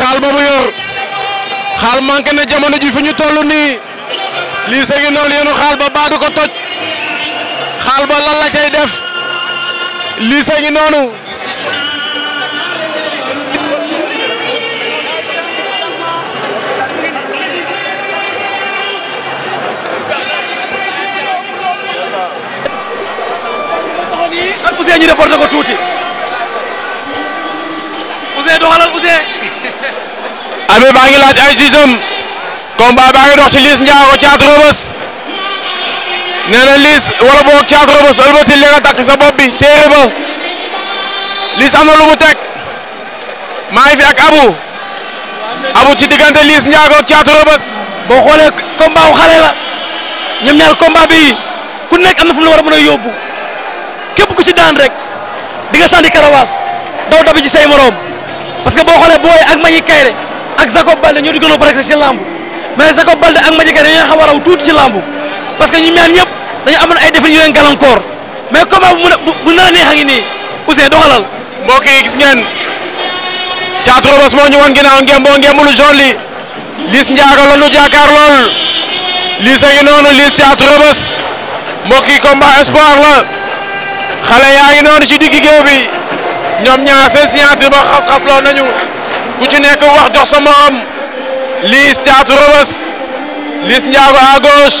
xaal ba mu yor xaal manqué na jamono ji fi ñu toll nii lii ngi noonu yenu xaal ba baadu ko toj xaal ba lan la def lii ngi noonu Ousseyn ñu reporté ko tuuti Ousseyn doxalal Ousseyn arbitre baa ngi laaj ay gisam combat baa ngi dox ci Liss Ndiago Thiatou Rebeuss nee na Liss wala boog Thiatou Rebeuss ëlbati li nga takk sa bopp bi téere ba Liss am na maa ngi fi ak Abu Abu ci diggante Liss Ndiago Thiatou Rebeuss boo xoolee combat wu xale la ñoom ñaar combat bi ku nekk am na fu mu la war a mën a ku ci daan rek di nga sànni karawaas daw dabi ci say moroom parce que boo xoolee booy ak mañi kayre ak Jacob Balde ñoo di gën a pare ci lamb Balde ak Madiaye Kaïré dañoo xaw a raw tuuti ci lamb parce que ñu ñaar ñëpp dañu amoon ay défis yu leen gàllankoor mais combat bu bu bu nar a neex a ngi nii Ousseyn doxalal. mbokk yi gis a ngi noonu espoir la xale yaa ngi noonu ci digg géew bi ñoom ñaar seen signature ba xas-xas loo nañu. ku ci nekk wax jox sa morom Liss Thiatou Rebeus Liss Ndiago à gauche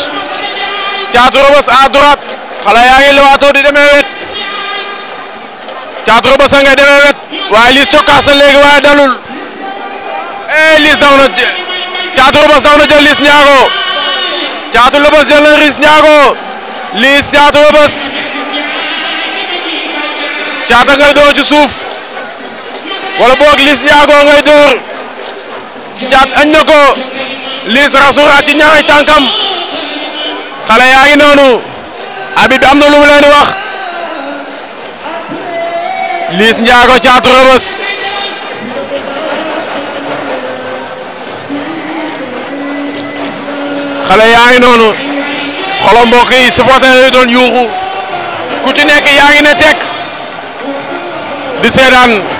Thiatou Rebeus à droite xale yaa ngi lewaatoo di demee wet Thiatou a ngay demee wet waaye Liss cokkaas na léegi dalul eh Liss daw na Thiatou Rebeus daw na jël Liss Ndiago Thiatou Rebeus jël na Liss Ndiago Liss Thiatou ngay doon ci suuf. wala boog Liss Ndiago ngay dóor caat añ na ko Liss rasura ci ñaari tànkam xale yaa ngi noonu abit bi am na lu wax Liss Ndiago caat rëbës xale yaa noonu xolom mbokk yi supporter yi yuuxu ku ci nekk yaa ngi ne di seedaan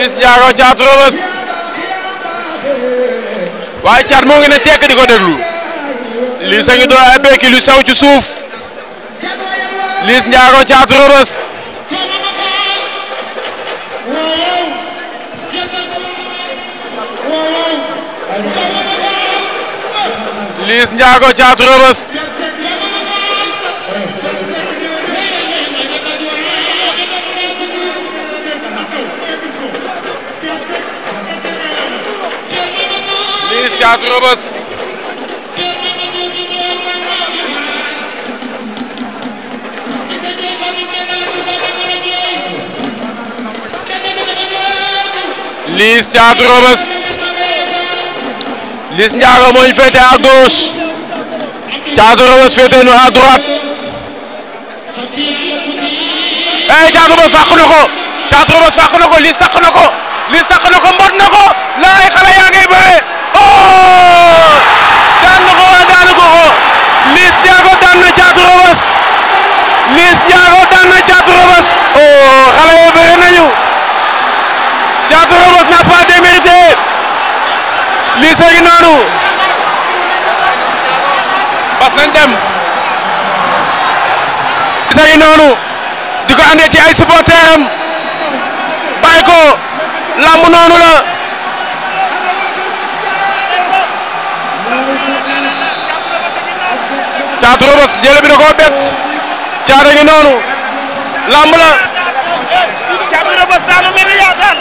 Liss Ndiago Thiatou Rebeus waaye Thiat moo ngi ne di ko déglu Liss a ngi doon ay bekki lu sew ci suuf Liss Ndiago Caatu Rebeuss Liss Caatu Rebeuss Liss Ndiago mooñ féete à gauche Caatu Rebeuss féete nu à droite eh Caatu Rebeuss fàq na ko Caatu mbot na laay xale yaa ngay bëre oh daan na ko waa ah, daanu ko ko oh. Liss Ndiago daan na Thiatou Rebeuss Liss Ndiago daan na Thiatou Rebeuss oh xale yi bëri nañu Thiatou Rebeuss démérité Liss a noonu bas nañ dem Liss a noonu di ko andee ay supporteram bàyyi ko lamb noonu la. Caatu Rebeuss jël bi da koo bett caata ngi noonu lamb la. Caatu Rebeuss daanu mel ni yaa daan.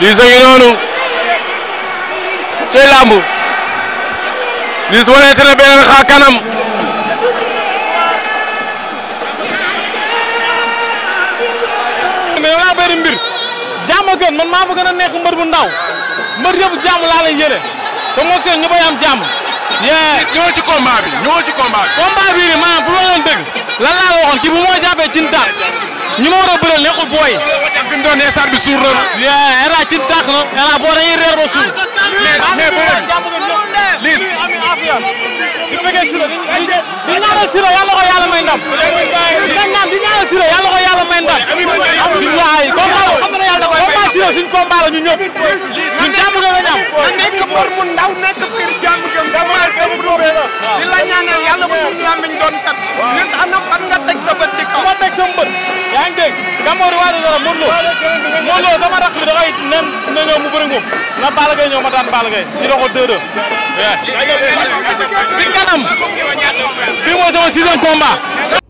Liss a ngi noonu tey lamb Liss wane te ne beneen xaa kanam. ma gën maa fa gën a nekk bu ndaw mbër yëpp jàmm laa lay yële te moo seen ñu bay am jàmm. yee ñoo ci combat bi ñoo ci combat bi. combat bii nii maanaam bu ma leen dëgg lan laa la waxoon kii bu ma jàppee cin tàkk ñu ma war a bëreel nekkul booy. fi mu doon suur na. yee era cin tàkk na. era boo dañuy reer ba suur. mais mais bëri liis. di fekkee si la di di ñaanal si la yàlla ndam. di ñaanal si la yàlla ko yàlla may non suñ combat la ñu ñëpp. ñun jàmm nga la ñu am. na nekk mbër mu ndaw nekk biir jàmm gën. dama dem duubee la. di la ñaanal yàlla bu ñu làmmiñ doon kat. waaw nit ana fan nga teg sa bët ci kaw. ma teg sa mbër. yaa ngi dégg. Gamor waa la dara Modou Lo. Modou Lo sama rakk bi da koy nen na ñëw mu bëri ngóob. na Balla Gaye ñëw ma daan Balla Gaye. ñu doxal deux deux. waaw. bi kanam. bii mooy sama sixième combat.